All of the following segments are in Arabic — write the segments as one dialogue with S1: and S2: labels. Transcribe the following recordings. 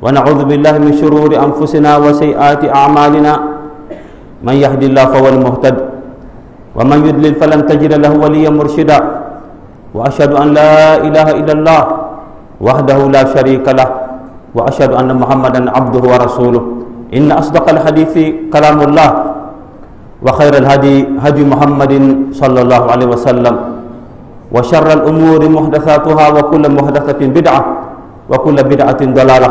S1: ونعوذ بالله من شرور أنفسنا وسيئات أعمالنا من يهد الله فهو المهتد ومن يضلل فلن تجد له وليا مرشدا وأشهد أن لا إله إلا الله وحده لا شريك له وأشهد أن محمدا عبده ورسوله إن أصدق الحديث كلام الله وخير الهدي هدي محمد صلى الله عليه وسلم وشر الأمور محدثاتها وكل محدثة بدعة وكل بدعة ضلالة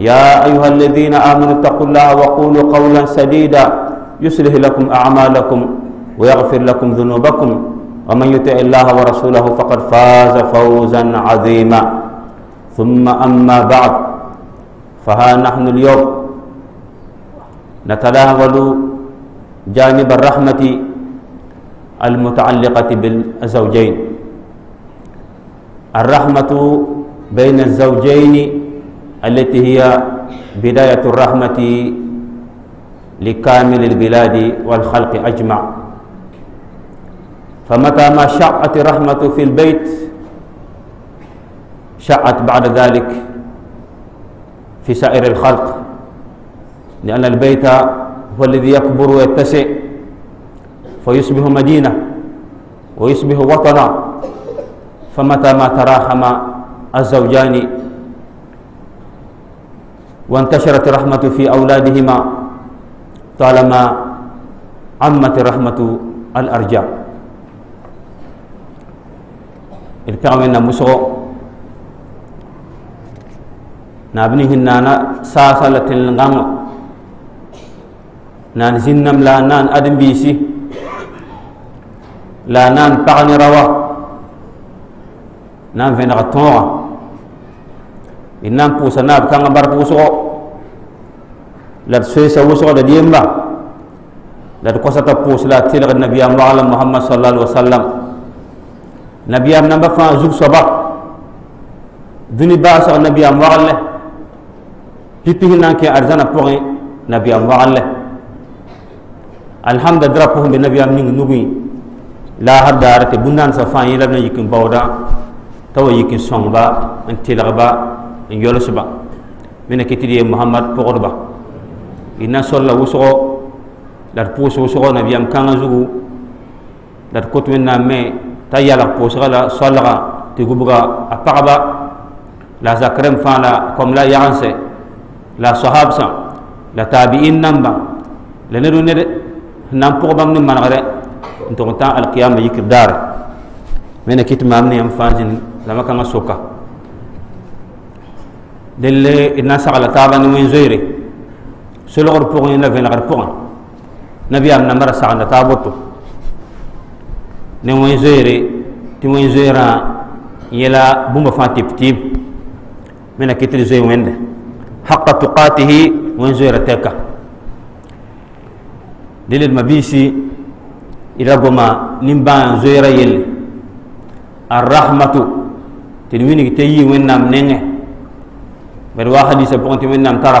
S1: يا أيها الذين آمنوا اتقوا الله وقولوا قولا سديدا يصلح لكم أعمالكم ويغفر لكم ذنوبكم ومن يطع الله ورسوله فقد فاز فوزا عظيما ثم أما بعد فها نحن اليوم نتناول جانب الرحمة المتعلقة بالزوجين الرحمة بين الزوجين التي هي بداية الرحمة لكامل البلاد والخلق أجمع فمتى ما شعت الرحمة في البيت شعت بعد ذلك في سائر الخلق لأن البيت هو الذي يكبر ويتسع فيصبح مدينة ويصبح وطنا فمتى ما تراحم الزوجان وانتشرت الرحمة في أولادهما طالما عمت الرحمة الأرجاء al permet na muso na bini hinnana sasa la tilngamo zinnam la nan adam bisi la nan pagni rawa nan venra tonga innan pusa na kanga لا سويس أبو سعد ديم لا لا تقصى تقوس لا تيرغ النبي الله على محمد صلى الله عليه وسلم نبي أم نبى فان زوج صبا دني باس النبي أم وعلى هتيه نان كي أرزنا بقي نبي أم وعلى الحمد لله بقوم بنبي أم نين نبي لا هدا رت بندان سفان يلا بنا يكين باودا تو يكين سونبا انتي لغبا يلوسبا من كتير محمد بقربا na solla wʋsgɔ la d pʋʋs na nabiyam kãngã zugu la d kot wẽnnaam me t'a yalg pʋʋsga la soalga tɩ gubuga a pagba la zakrem fa la kom la yagense la sahab sã la tabiin namba la ned ned sẽn na n pʋg bãmb ne manegdɛ n tʋg n tã alkiyama yikr daare me na kɩt maam ne yãmb fãa zĩni lama kãngã soka dele d na n sagla taaba ne wẽn zoeere سلغر بوغن نفي لغر بوغن نبي أمنا مرة ساقنا تابوتو نموين زيري تموين زيرا يلا بوما فان تيب تيب منا كتل زي ويند حق تقاته وين زيرا تيكا دليل مبيسي إربما نمبان زيرا يل الرحمة تنويني تيي وين نام بل واحد يسبقون تيوين نام ترى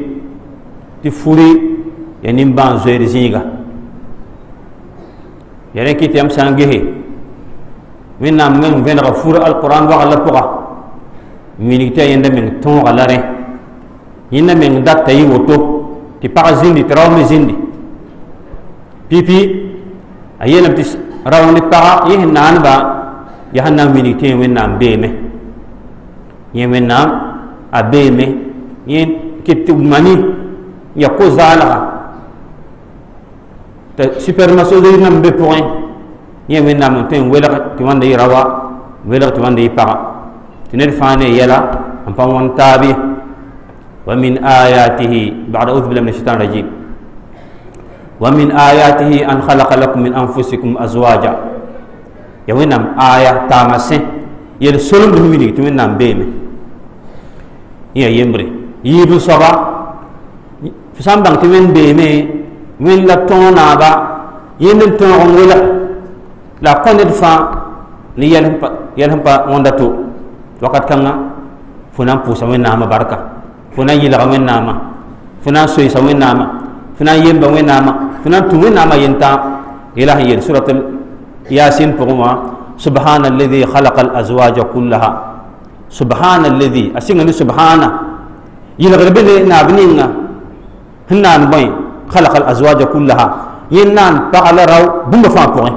S1: tɩ furi ya nimbãan zoeer zĩiga ya rẽ kɩt yam sã n gese wẽnnaam meng vẽnega fur alquran wagã la pʋga n wing tɩ a yẽnda meng tõoga la rẽ yẽnda meng data yɩ woto tɩ pag zĩndi tɩ raoome zĩndi pipi a yeelame tɩ raoone paga yẽ sẽn naanba yaa sẽn na n wing tɩ yẽ wẽnnaam beeme yẽ wẽnnaam a beeme yẽ kɩt tɩ mani ya ko zalaga ta supermasologi nam be pʋgẽ yẽ wẽnnaam tõe n welg tɩ wãnda yɩ rawa welg tɩ wãnda yɩ paga tɩ ned fãa ne yɛla n pa wõn taab ye wa min ayatihi bada audu bila min ashaitan rajim ومن آياته أن خلق لكم من أنفسكم أزواجا يا وينام آية تامسة يل سلم بهمني تمنام بيم يا يمري يبن صبا sã n bãng tɩ wẽnd beeme wẽnd la tõog naaba yẽnd n tõog n wela la a kõ ned fãa ne yɛl sẽn pa wõnda to wakat kãngã fo na n pʋʋsa wẽnnaamã barka fo na n yɩlga wẽnnaamã fo na n soɩsa wẽnnaamã fo na n yemba wẽnnaamã fo na n tũ wẽnnaamã yentã yela sẽn yel surat yasin pʋgẽ wã subhana alladhi khalaqa alazwaja kullaha subhana alladhi a sɩnga ne subhana yɩlgd be ne naab ninga هنان بين خلق الأزواج كلها ينان تغلى راو بمبا فاقوين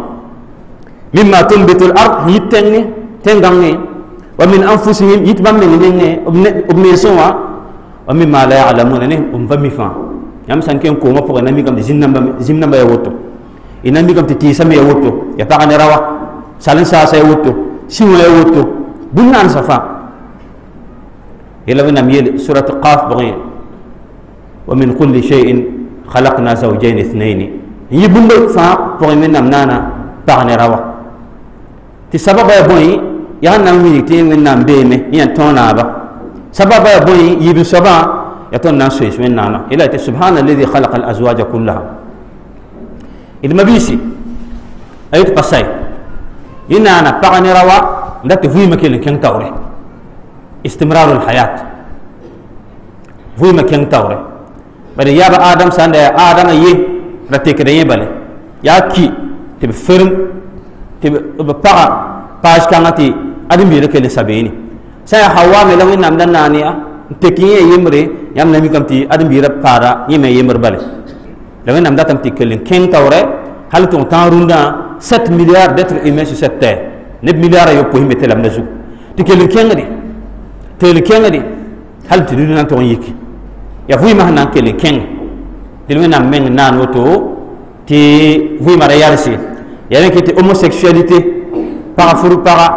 S1: مما تنبت الأرض يتنغي تنغني ومن أنفسهم يتبم من نغني سوا ومما لا يعلمون نه ومبمي فا يام سان كين كوما فوق نامي كم زين نمبا زين نمبا يوتو إنامي كم تتيسم يوتو يتغني راو سالن ساسا يوتو سيوا يوتو بنا نصفا يلا بنا ميل سورة قاف بغيه ومن كل شيء خلقنا زوجين اثنين يبون فا بوي من نمنا بان روا تي سبب يا بوي يا نامي تي من نام بيمي يا تونا با سبب يا بوي يبي سبا يا تون ناس سويس من نانا الى سبحان الذي خلق الازواج كلها المبيسي ايت قصاي ان انا بان روا ندت في مكان كان تاوري استمرار الحياه في مكان تاوري bare yaba adam sanda ya adam ye ra tekre ye bale ya ki te ferm te para page kangati adam bi rekele sabeni sa ya hawa me lawi nam dan nania tekiye yemre yam nami kamti adam bi ra para yeme yemre bale lawi nam datam ti kelen ken tawre hal ton tan runda 7 milliard d'êtres humains sur cette terre ne milliards yo po himbe telam nazu ti kelen kengri tele kengri hal ti dunan ton yiki ya vui sẽn na keng kell n kẽng meng nan naan woto tɩ vɩɩmã ra yarse ya ne kɩ homosexualité pagã fur para,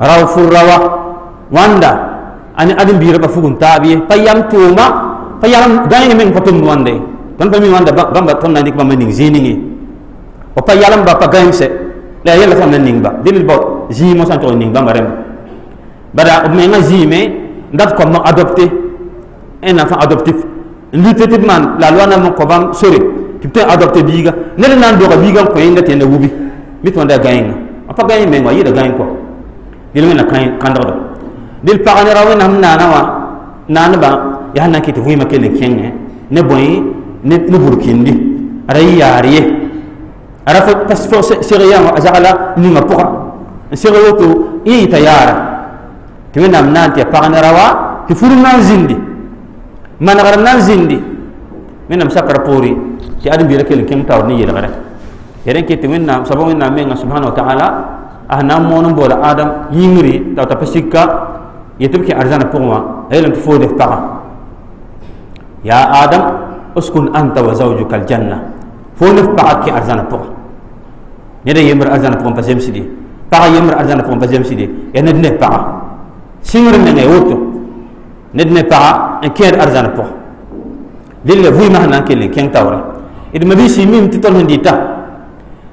S1: raw fur rawa wanda, ani ne adem-biirã fugun tabi payam tuma payam dai yam meng pa tʋmd ton tõnd pa mi wãnda na n pa yalemba pa la ya ning ba dɩl ba zĩig mosã ningba ning bada o mengã zĩime n dat kõm adopte adoptif lutte tɩ b maan la a loa nam n kõ bãmb sore tɩ b tõe adopte biiga ned n na n doga biiga n kõ yẽnga tɩ yẽnda wubi mi tɩ wãnda gãenga a pa gãen menga yɩɩda gãen kɔ dɩl wẽna kãndgdo dɩl pag ne ra wẽnnaam naana wã naanebã yaa na n kɩ tɩ vɩɩmã kell n kẽngẽ ne bõe ne burkĩndi ra yɩ yaar ye ara fo seg yãngã a zagla ninga pʋga n seg woto yẽ yɩ t'a yaara tɩ wẽnnaam na n tɩ ya pag ne ra wa tɩ furu na n zĩndi manegr na n zĩndi wẽnnaam sakr poore tɩ adem-biirã kell kẽng taood ne yelgrɛ yɛd n ket tɩ wẽnnaam soaba wẽnnaam menga subhana wa taala a na n moon n boola adam yĩngre t'a t'a pa sika yetɩ b kẽ arzãna pʋgẽ wã a yeelame tɩ foode pagã yaa adam uskun anta wa zawjuka aljanna foode f paga kẽ arzãna pʋgã ned a yembr arzãna pʋgẽ pa zemsde paga yembr arzãna pʋgẽ pa zemsde yaa ned ne paga sɩngr menga woto ند مي با ان كير ارزان بو دي لي في مهنا كي لين كين تاور اد ما بي سي ميم تيتول هندي تا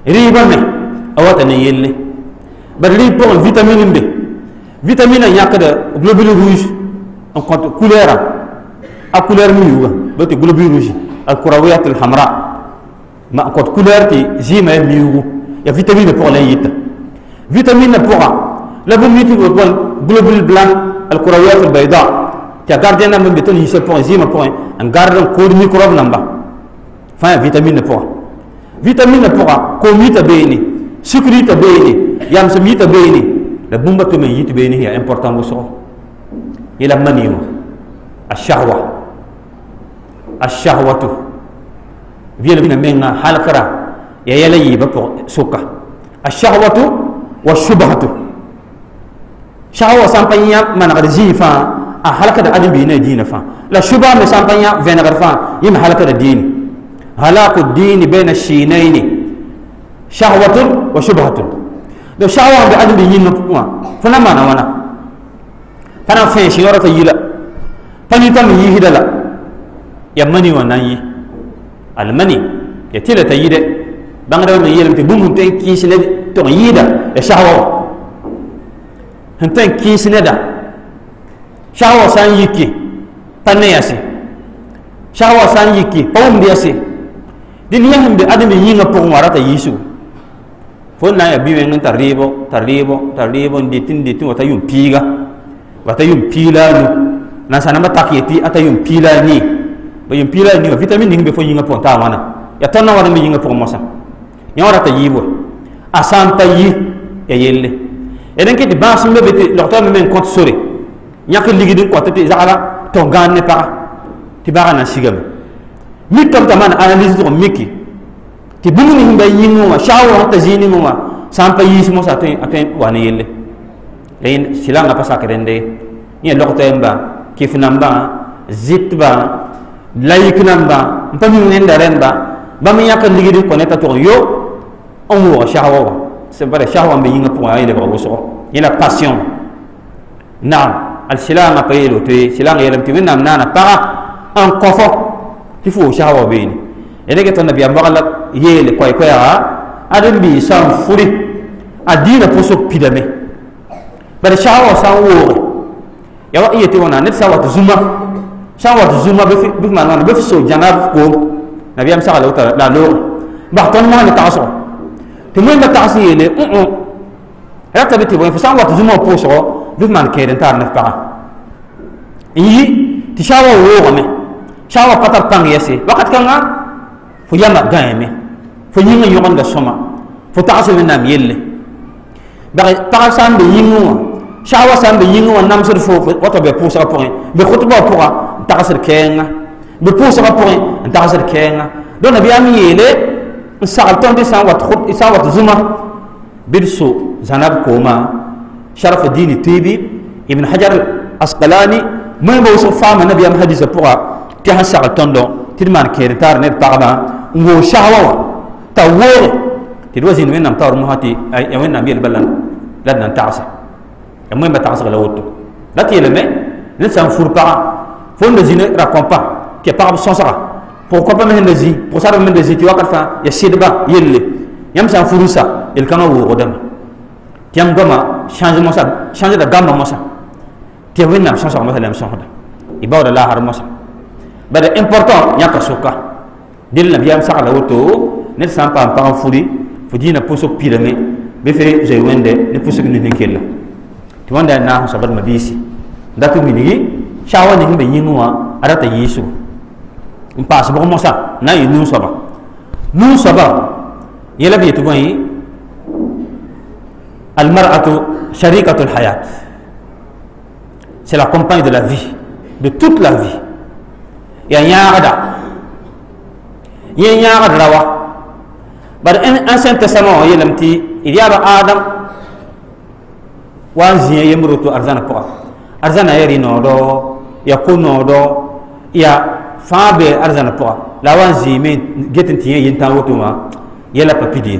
S1: ري با مي او تا ني يل بر لي بون فيتامين بي فيتامين يا كدا غلوبولين روج ان كونت كولير ا كولير مي يوا بوتي غلوبولين روج الكرويات الحمراء ما كونت كولير تي جي مي ميو يا فيتامين بور لي يتا فيتامين بورا لا بون ميتي بون غلوبول بلان الكرويات البيضاء tɩ a gardien dãmb n be tõnd yĩsã pʋgẽ zɩɩmã pʋgẽ n gard n kood microbe namba fãa yaa vitamine pʋga vitamine pʋga koom yita beene sukr yita beene yamsem yita beene la bũmba to n yiti beene ya important wʋsgo yela mani wã ashahwa ashahwatu vɩelbna menga halkra yaa yɛla yɩɩba pʋg sʋka ashahwatu wa shubhatu shahwa sampanya n pa yã a halka da adin bi ne dina fa la shuba me sampanya venagar fa yim halka da dini halaku dini baina shinaini shahwatun wa shubhatun do shahwa da adin bi yin kuma fana mana wana fana fe shi yoro ta yila pani tam yi hidala yamani wannan yi almani ya tila ta yi de bangare mai yelim te bumun te kishi ne to yi da ya shahwa huntan kishi ne da shahwa san yiki panne yasi shahwa san yiki pawum bi yasi din yahum bi adam yin ga warata yisu fon na ya bi wen ta ribo ta nditin nditin wata yum piga wata yum pila nu na sanama takiyeti ata yum pila ni ba yum pila ni vitamin ni be fo yin ga ta wana ya tonna wara mi yin ga pokon mosa nya yibo asan yi ya yelle eden ke ti mbe be lokta me men kont sore ñak ligi din ko tati zala to ganne para ti bara na sigam mi tam taman analyse to miki ti bumu ni himba yingo ma shawo ta zini mo ma sampa yis mo sa tin atin wani yelle lein silanga pasa kerende ni lokto emba kif namba zitba layik namba mpami nenda remba bam yak ligi din ko neta to yo on wo shawo c'est vrai shawo be yinga pour ayne ba woso ila passion naam السلام قيلو تي سلام يلم تي منام نانا طغى ان كفو كيفو شاو بين اني جت النبي ام بغل يل كوي كوي ا ادم بي سان فوري ادينا بوسو بيدمي بل شاو سان وور يا ايه تي ونا نفسا وات زوما شاو وات زوما بف بف ما نانا بف سو جناب كو نبي ام سالو لا لو بعتن ما نتعصر تمين ما تعصيني ام ام رتبتي وين فسان وات زوما بوسو دوما كيرن تار نفبعا إي تشاوى ووغمي شاوى قطر تان يسي وقت كان فو يما قائمي فو يما يغن سما فو تعصي من نام يلي بغي تعصي سان يمو ينغوا شاوى سان بي ينغوا سر فو وطا بي بوسا بوري بي خطبا بوغا تعصر كينا بي بوسا بوري تعصر كينا دون بي امي يلي نسال تون دي سان وات خط سان وات زما بيرسو زناب كوما شرف الدين التيبي ابن حجر الأسقلاني ما يبوس فاهم النبي أم حديث بقى تهان سعطان دو تدمان كير تار نب تعبا وو شهوة تاور تدوزين وين نم تار مهاتي أي وين نم يلبلن لدنا تعسى يمين بتعسى لوتو لا تيلمي نسان فرقا فون دزين راكم بقى كي باب سانسرا pourquoi pas même des pour ça même des tu vois quand ça il y a sidba yelle yam sa furusa il kana wo odam tiam goma change mosa change da gamba mosa tiam winna change mosa lam sonda iba la har mosa bada important nyaka suka dil na biam sa la woto ne sampa pa furi na poso pirame be fe je wende ne poso ni nikela ti wanda na sabat mabisi mi minigi shawa ni himbe nyinwa arata yesu pa sabu mosa na yinu saba nu saba yela bi to yi المرأة شريكة الحياة c'est la compagne de la vie de toute la vie يا نياغدا يا نياغدا روا بعد ان انسان تسمو يلمتي اذا با ادم وان زي يمرتو ارزانا بوا ارزانا يري نودو يكون نودو يا فابي ارزانا بوا لا وان زي مين جيتنتي ينتا وتوما يلا بابيدي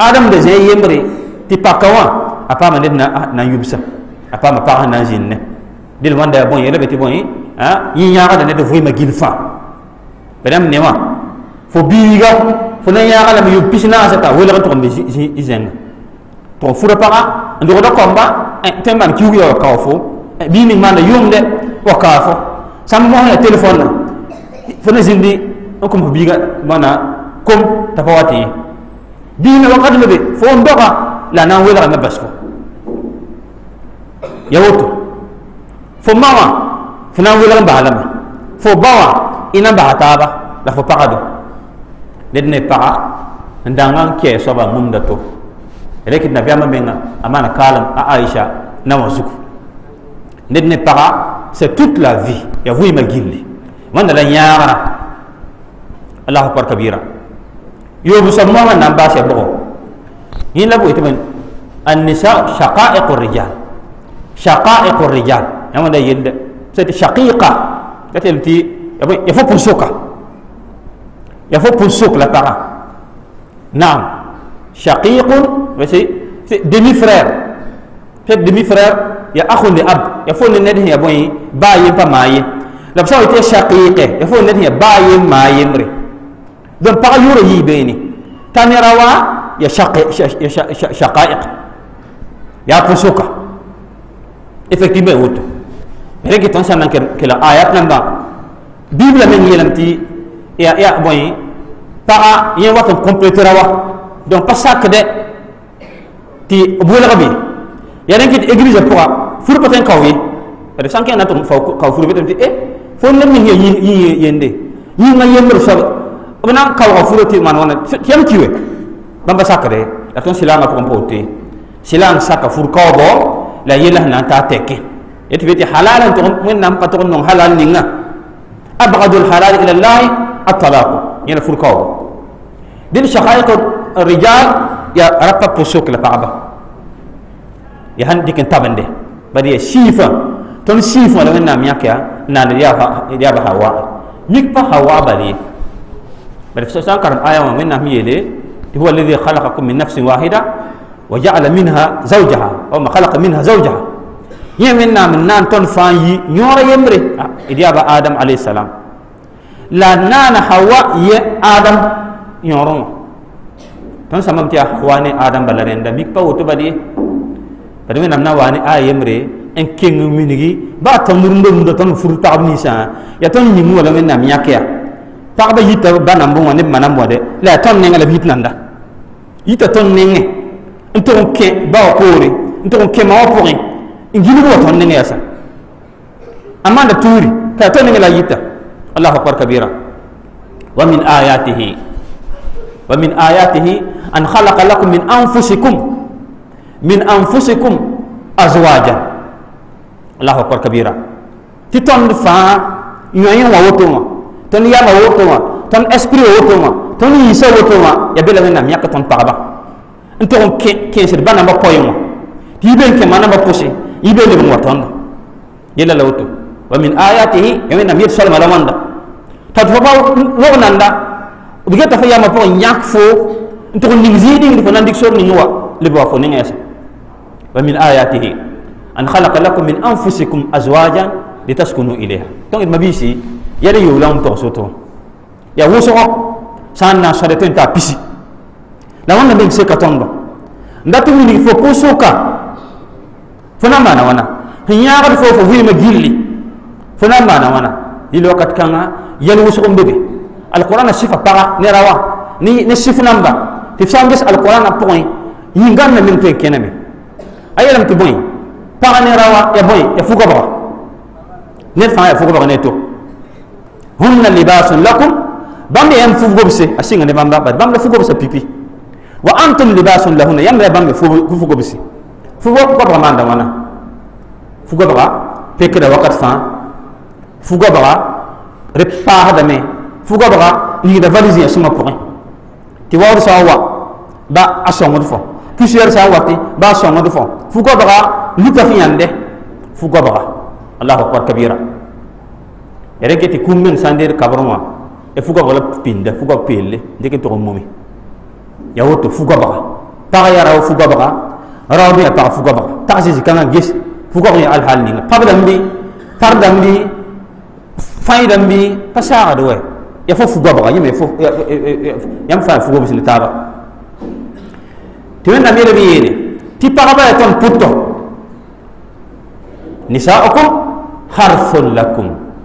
S1: adam da zai yembre ti pakawa apa ma na na yubsa apa ma pa na jinne dil wanda ya bon yele beti bon ha yin ya da ne da ma gilfa badam ne wa fo biiga fo na kan e, ya la mi yubisna asata wala ko ji izenga to fura para ndo do komba temban kiwu yo fo e, bi mi yumde wa fo sam mo na telefon na fo na zindi ko mo biiga mana kom tapawati دين وقد مبي فون بقى لا نان ويلا ما بس فو يوتو فو ماما فنان ما بعلم فو بوا إن بهتابا لا فو بقدو لدنا بقى ندعان كي صبا مندتو لكن النبي ما بينا أما نكالم عائشة نوازكو لدن بقى c'est toute la vie يا فوي ما جيلي وانا لا يارا الله أكبر كبيرا yobu sa mo nan ba se bo yin la bo itmen an nisa shaqa'iqur rijal shaqa'iqur rijal yamma da yidda ka. shaqiqa katel ti ya fo suka ya fo suka la para na'am shaqiqun wa si demi frère sai demi frère ya akhu li ab ya fo ne ne ya boy ba yin pa maye la so ite shaqiqe ya fo ne ya ba yin maye mre don pag yura yi beni tanira wa ya shaqaiq ya pusuka effectivement woto regi ton sa man kela ayat namba bible men yelam ti ya ya boy pa ye watam compléter wa donc pas sak de ti bulaga bi ya renki église pour fur paten kawi ada sanke na to faw kaw fur betam ti e fon lam ni yi yende yi nga yember sabar b kau kau kaoga furo tɩ maan wãna yam kiwe bãmba sakre la tõnd silaamã pʋgẽ pa wote silaam saka fur kaoogo la yela sẽn na n taa tɛkẽ y tɩ be tɩ halal n tʋg wẽnnaam pa tʋg halal ninga abgadu lhalal ila llahi atalaqu yẽla fur kaoogo dẽn sakaik rijal ya rapa posok la pagba ya sãn dɩk n tabende bare ya siifã tõnd siifã la wẽnnaam yãk ya n naan d yaaba hawa mik hawa bare بل في سؤال كرم آية ومن ميلي هو الذي خلقكم من نفس واحدة وجعل منها زوجها أو ما خلق منها زوجها يمنا من نان تون فاني نور يمري آه، إديابا آدم عليه السلام لا نان حواء ي آدم يورون تون سمم تيا حواني آدم بلرين دا ميك باو بدي من نمنا واني آي يمري ان كينو مينيغي با تنورندو تون فرطاب نيسان يا تون نيمو ولا من نام ياكيا pagba yita bana mbongo ne mana mbode la ton nenga la nanda yita ton nenge nton ke ba okore nton ke ma okore ngili bo ton nenga yasa amanda turi ka ton nenga la yita allah akbar kabira wa min ayatihi wa min ayatihi an khalaqa lakum min anfusikum min anfusikum azwajan allah akbar kabira ti ton fa nyoyin wa wotonga تن يا موتوما تن اسبري ووتوما تن يسا ووتوما يا بلا لنا ميكا تن طابا انت هون كي بانا ما يبين كي مانا ما يبين لي موتون يلا لوتو ومن اياته يمنا ميت سلم على ماندا تتفقا وغناندا بيجي تفيا ما بو ياك فو انت هون نيزيدي ني فنان ديك سور ني نوا لي بو ومن اياته ان خلق لكم من انفسكم ازواجا لتسكنوا اليها yɛl yoola n tɔgso tɔ ya wʋsgɔ sã n na n ten t'a pisi la wãnna me n seka tõmdɔ n dat wilg fo pʋ sʋka fo na wana maana wãna sẽn fo fo vɩɩmã gilli fo na n maana wãna kanga wakat kãngã yɛl wʋsg n bebe alqurana sifa para ne ra ni ne sifu namba ti sã n ges alqurana pʋgẽ yĩngãmna me n tõe n kẽname a yeelame tɩ bõe paga ne ra wa ya bõe ya fugabga ned fãa ya fugabg ne to هن لباس لكم بام يم فوغو بسي اشين ني بامبا بام لا فوغو بسي بيبي وانتم لباس لهن يم لا بام فوغو بسي فوغو بقى ما عندنا وانا فوغو بقى بيك ده وقت سان فوغو بقى ريبا هذا مي فوغو بقى ني ده فاليزي اسما بوين تي واو سوا با اسون مدفو كيشير سوا تي با اسون مدفو فوغو بقى لي تفيان ده فوغو بقى الله اكبر كبيره reke ti kummin sandir kabroma e fuga wala pinda fuga pelle ndeke to momi ya woto fuga baka ta ya raw fuga baka raw bi ta fuga baka ta si kana gis fuga ya al hal ni pabda mbi farda mbi fayda mbi pasara do ya fo fuga ba yeme fo yam fa fuga bi bisin taba tiwen na mele bi yene ti paraba ya ton putto nisa'ukum harfun lakum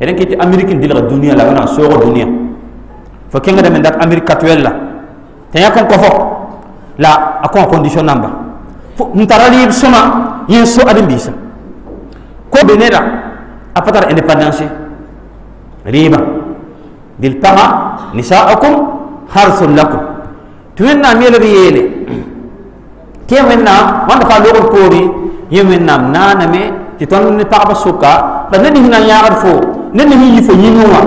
S1: eden kiti amerike dilga duniya la wana sogo duniya fo kenga de mendat amerike katwel la te yakon ko fo la akon condition namba fo ntarali soma yin so adin bisa ko beneda apatar independence riba dil taha nisaakum harsun lakum tuwenna mele yele ke wenna wanda fa logon kori yemen nam naname ti ton ni paɣaba soka la ne dĩsẽ na yãagd fo ne ne hi fo yin wa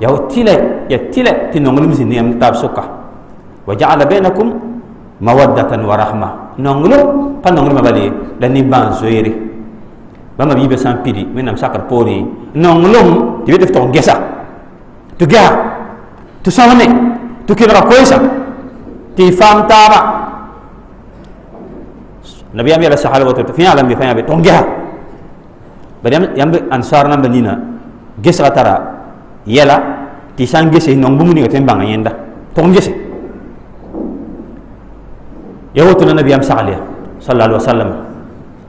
S1: ya tila ya tila ti nongulum sin yam tab suka wa ja'ala bainakum mawaddatan wa rahma nongulum pa nongulum bali la ni ban zoyre ba ma bibe san pidi men nam sakar pori nongulum ti bete to gesa to ga to samane to kira koisa ti fam tara nabi amira sahabat fi alam bi fa ya be to ga bari yam ansar nam banina gesra tara yela ti san gese non bumu ni goten banga yenda to gese yawo na nabi am sallallahu alaihi wasallam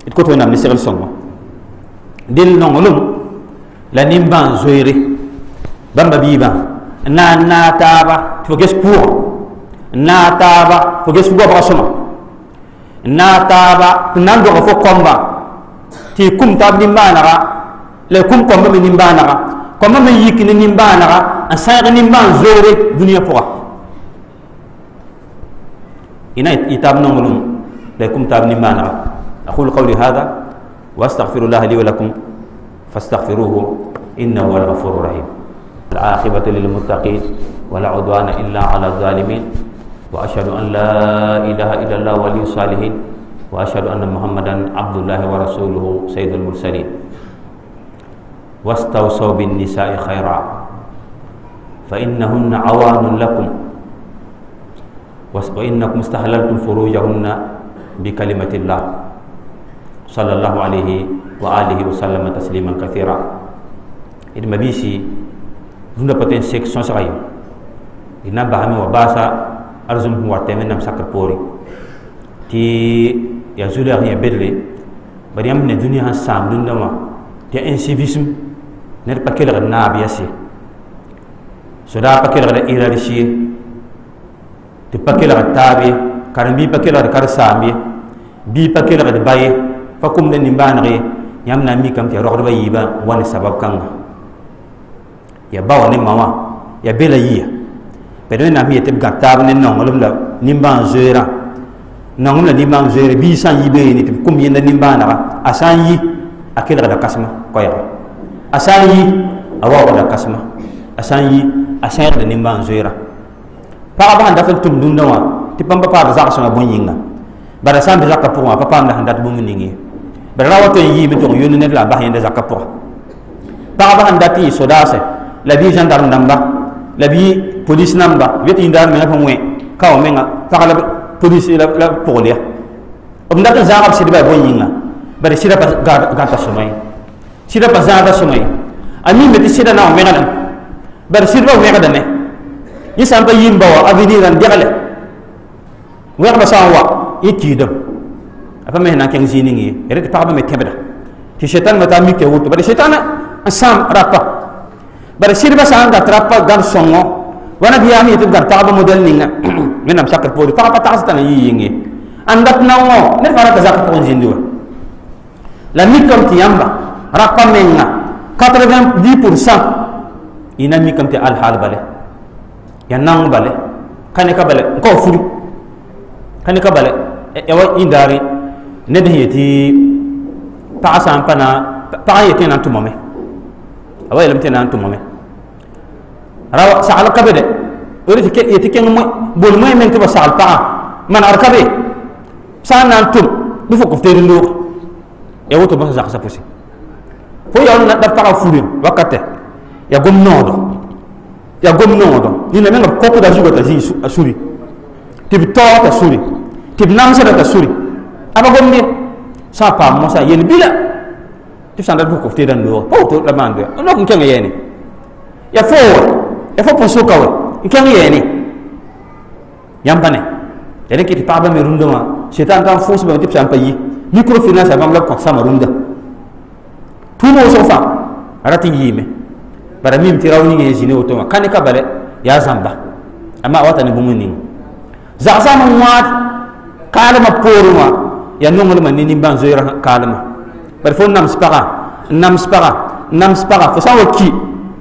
S1: it ko to na misal songo dil non lum la nimban zoire bamba biba na na taba to ges pour na taba to ges go ba sama na taba nan do fo komba ti kum tab ni manara لكم كم من نبأنا كم من يكن نبأنا yik ni nimbaanaga an sa'ir nimbaan zoore duniya poa ina itab أقول قولي هذا وأستغفر الله لي ولكم فاستغفروه إنه هو الغفور الرحيم العاقبة للمتقين ولا عدوان إلا على الظالمين وأشهد أن لا إله إلا الله ولي الصالحين وأشهد أن محمدا عبد الله ورسوله سيد المرسلين واستوصوا بالنساء خيرا فإنهن عوان لكم وإنكم استحللتم فروجهن بكلمة الله صلى الله عليه وآله وسلم تسليما كثيرا إذا ما بيسي دون بتن سيك سون سغاي إنا بهامي وباسا أرزم واتمن نم سكر بوري تي يزول يا بدري بريام من الدنيا هان سام دون دما تي انسيفيسم ned pa kelgd naab yase sodaa pa kelgd ɩrar shee tɩ pa kelgd taab ye karen-bii pa kelgd karsaam ye bii pa kelgd ba ye pa kʋmda nimbãaneg ye yãmb na n mikame tɩ ya rogdbã yiibã n wa ne sabab kãnga ya ba wa ne ma wã ya be la yia pad wẽnnaam sẽn yetɩ b gãk taab ne nonglem la nimbãan zoeerã nonglem la nimbãan zoeere bii sã n yi beene tɩ b kʋm yẽnda nimbãanega a sã n yi a kelgda kãsema koɛɛga asan yi awa wa wala kãsema a sã n yi a sẽegda nimbãan zoeera pagba sẽn dat d tʋm dũndã wã tɩ pãmba paam zagsẽngã bõe-yĩnga bara sã n be zakã pʋgẽ pa bara wa tõe n yiime tog la ba handa zaka pour pa ba handa ti tɩ yɩ la bi gendarme namba la bi polis namba vet me na fa wẽ ka kala menga fa la polis la ta ya b dat n zãagb sɩd ba bõe-yĩnga bara ga ga سيرة بزادة سمعي أني متى سيرة نا نعم أمي غنم بس سيرة أمي غنم يسأل بيجين بوا أبيني غنم دي غلة وياك بس هو يكيد أفهم هنا كان زينيني يريد بعض ما يتبدا الشيطان متى ميت يهود بس الشيطان أسام رابا بس سيرة بس هذا ترابا غن سمعه وانا بيامي يتبدا بعض موديل نينا من أم شكل بودي بعض تعز تنا ييجيني عندك نوع نفرك زاك تونجندوا لا ميت كم تيامبا rapa menga 90% ina mi kamte al hal bale ya nang bale kane ka bale ko furi kane ka bale e wa indari ne de yeti ta asan pana ta yeti nan tumame awa yelam tena tumame rawa sa'al kabede ori ke yeti ke mo bol mo men tiba sa'al pa man arkabe sa nan tum du fo ko tere lo e woto ba sa sa pusi fo yaw na daf taxa furin wakate ya gom nodo ya gom nodo ni na menga koko da suga ta jisu asuri tib to ta suri tib namsa ta suri aba gom ni sa pa mo sa yen bila tib sa da ko te dan do po to da man do no ko kenga yene ya fo ya fo poso kawe kenga yene yambane ya ne ti pa ba me rundo ma setan kan fo so ba tib pa yi microfinance ba mla ko ma runda tumo so fa ratin yime bara mim ti rawni ngi jini oto ma kane kabale ya zamba amma wata ne bumuni za za mun wat kalma poruma ya nongol ma ni ban kala kalma bar fon nam spaga nam spaga nam spaga fo sa waki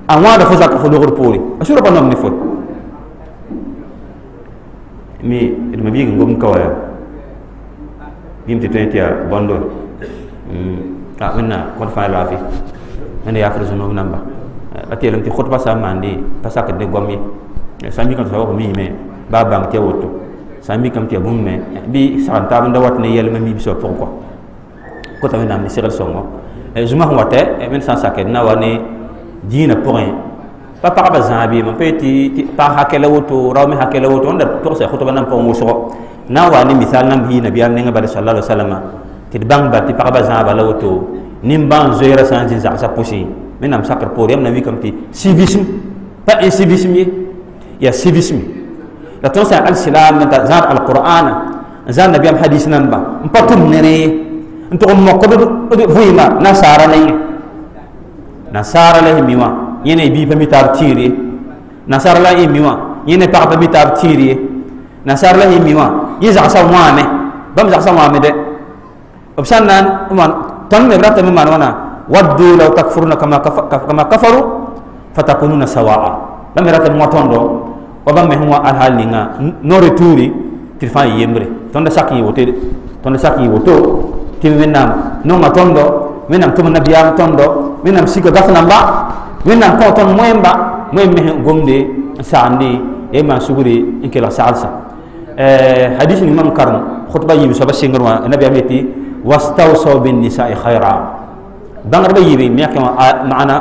S1: an wada fo zaka fo dogor pori asura ba nam ni fo mi dum bi ngom kawaya bim ti ya bondo mm. منا كون فاي لافي من يا فرز نو نمبا اتي لم تي خطبه سام عندي باسا كد غومي سامي كان سوا مي مي با بان تي ووتو سامي كم تي بوم مي بي سان تاب ندوات ني يل مي بيسو فوكو كوتا مي نام سيغل سومو جمع واتا من سان ساكد نواني دينا بوين با با با زامبي مون بيتي با هاكلا ووتو راو مي هاكلا ووتو ندر توكسي خطبه نام بو موسو نواني مثال نام بي نبي الله صلى الله عليه وسلم tɩ bãng ba tɩ pagba zãaba la woto nimbãng zoeera sã n zĩ zagsã pʋsẽ wẽnnaam sakr poor yãmb na wikame tɩ civisme pa incivism ye yaa civisme la tõnd sã n alsilaam n ta zãab alqur'ana n zãn nabiyam hadis nãmba n pa tʋm ne rẽ ye n tʋg n mokd d vɩɩma nansaara la yẽ nansaara la yẽ wã yẽ ne bii pa mi taab tiir ye nansaara la yẽ wã yẽ ne pag pa mi taab tiir ye nansaara la yẽ mi wã yẽ zagsã wãame bãmb zagsã wãame dɛ وبسنان تن نبرات من مانونا ودوا لو تكفرون كما كما كفروا فتكونون سواء لم يرات موتوندو وبما هو الحال لنا نوري توري تلفان يمري توند ساكي وتي توند ساكي وتو تيم منام نو نوما توندو منام توم نبيام توندو منام سيكو غفنا با منام كوتون مويمبا مويم مه غومدي ساندي سوري سوغري لا سالسا آه، حديث الامام كرم خطبه يوسف سبا سينغروا النبي امتي واستوصوا بالنساء خيرا بانغر ربي يبي ميك آه، معنا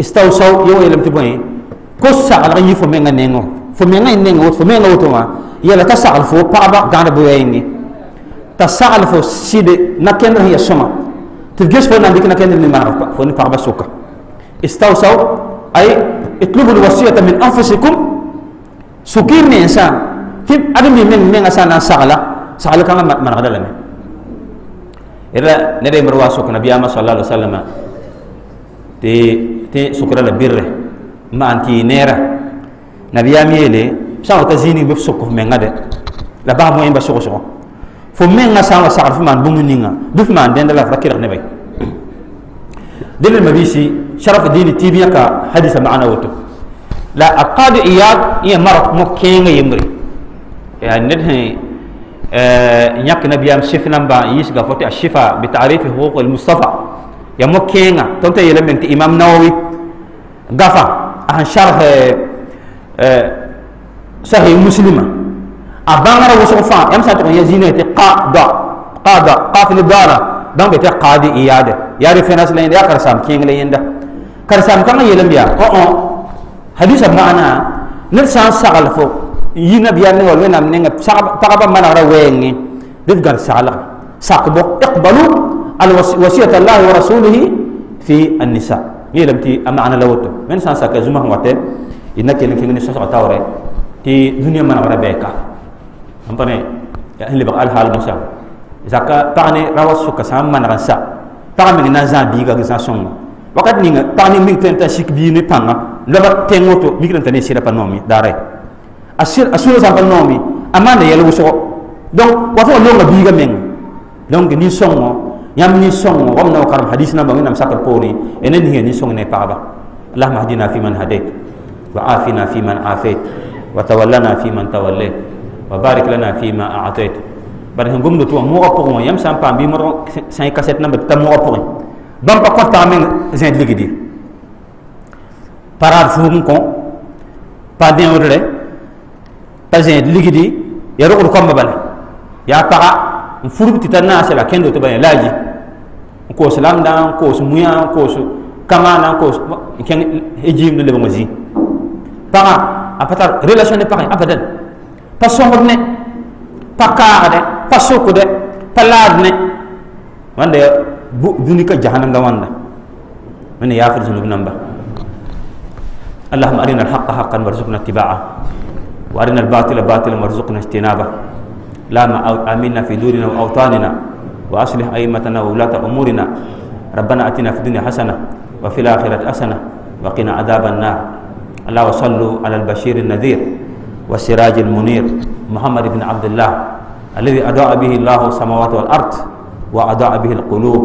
S1: استوصوا يو يلم تبوي كوسا على يفو مين نينو فمين نينو فمين وتوا يلا تسعل فو بابا غان بويني تسعل فو سيد نكن هي سما تفجس فو ناديك نكن من معرف فو نفع بسوكا استوصوا اي اطلبوا الوصيه من انفسكم سكير انسان كيف ادمي من من اسانا سعلا سعلا كما من غدا لمن ira nere merwa marwa sok nabiyama sallallahu alaihi wasallam te te sukra la birre ma anti nera nabiyam yele sa ta zini be sokko me ngade la ba mo en ba sokko sokko fo me nga sa sa fa man bungu ninga duf man den la fa kirne bay دل المبيسي شرف دين تيبيا كا حديث معنا وتو لا أقاد إياد إيه مرض مكين يمري يعني نده يكنا بيام شفنا با يش غفوت الشفاء بتعريف حقوق المصطفى يا مكينا تنت يلمن امام نووي غفا عن شرح صحيح مسلم أبانغر وسوفا يمسا تقول يزينة قادا قادا قافل الدارة دم بيت قاضي إيادة يعرف ناس لين يا كرسام كين لين ده كرسام كان يلم يا أو أو حديث معنا نرسان سغل فوق yina biya ne wal wenam ne tagaba mana ra wengi dit gar sala sakbo iqbalu al wasiyata allah wa rasulih fi an nisa yelam ti amana lawto men san saka zuma wate inna ken ken ne sosa tawre ti dunya mana ra beka ampane ya hin libal hal musa zaka tane rawas suka sam mana sa tame na zambi ga ga songo wakat ninga tane min tenta shikbi ne panga laba tengoto mi kan tane sira panomi dare a sũur zãmb noome a maanda yɛl wʋsgo donc wa fo longa biiga meŋa donc nin-sõngɔ yãmb nin-sõngɔ wam na wa karem hadis nãmba wẽnnaam sakr poorẽ y na ning ya nin-sõng ne pagba allahuma hdina fi man hadayt wa afina fi man afayt wa tawallana fi man tawallayt wa barik lana fi ma a'tayt bara sẽn gomdo tɩ wã moogã pʋgẽ wã yãmb sã n paam bɩ modg sã y kasɛt nãmba tɩ ta moogã pʋgẽ bãmb pa kõt tagã meŋ zẽd ligd ye paraad fũug n kõ pa dẽodrɛ pa zẽed ligdi ya rogd kõmba bala yaa paga n furb tɩ tar naasẽ la kẽndo tɩ ba yã la a yi n koos lamda n koos mũyã n koos kamaana n koos n kẽng egiimdu lebg wã zĩ paga a pa tar relation ne pagẽ abadan pa sõsd ne pa kaagdɛ pa sokdɛ pa laad ne wãnda dũni ka jahannamda wãnda wẽnna yaafr zũnub namba allahuma arina alhaqa haqan warzuqna itibaa وارنا الباطل باطلا وارزقنا اجتنابه ما امنا في دورنا واوطاننا واصلح ائمتنا وولاة امورنا ربنا اتنا في الدنيا حسنه وفي الاخره حسنه وقنا عذاب النار اللهم صلوا على البشير النذير والسراج المنير محمد بن عبد الله الذي اضاء به الله السماوات والارض واضاء به القلوب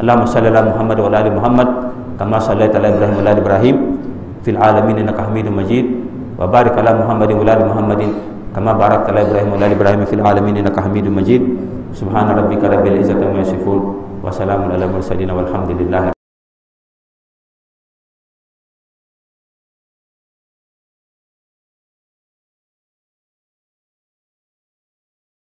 S1: اللهم صل على محمد وعلى ال محمد كما صليت على ابراهيم وعلى ال ابراهيم في العالمين انك حميد مجيد وبارك على محمد وآل محمد كما باركت على إبراهيم وآل إبراهيم في العالمين إنك حميد مجيد سبحان ربك رب العزة عما يصفون وسلام على المرسلين والحمد لله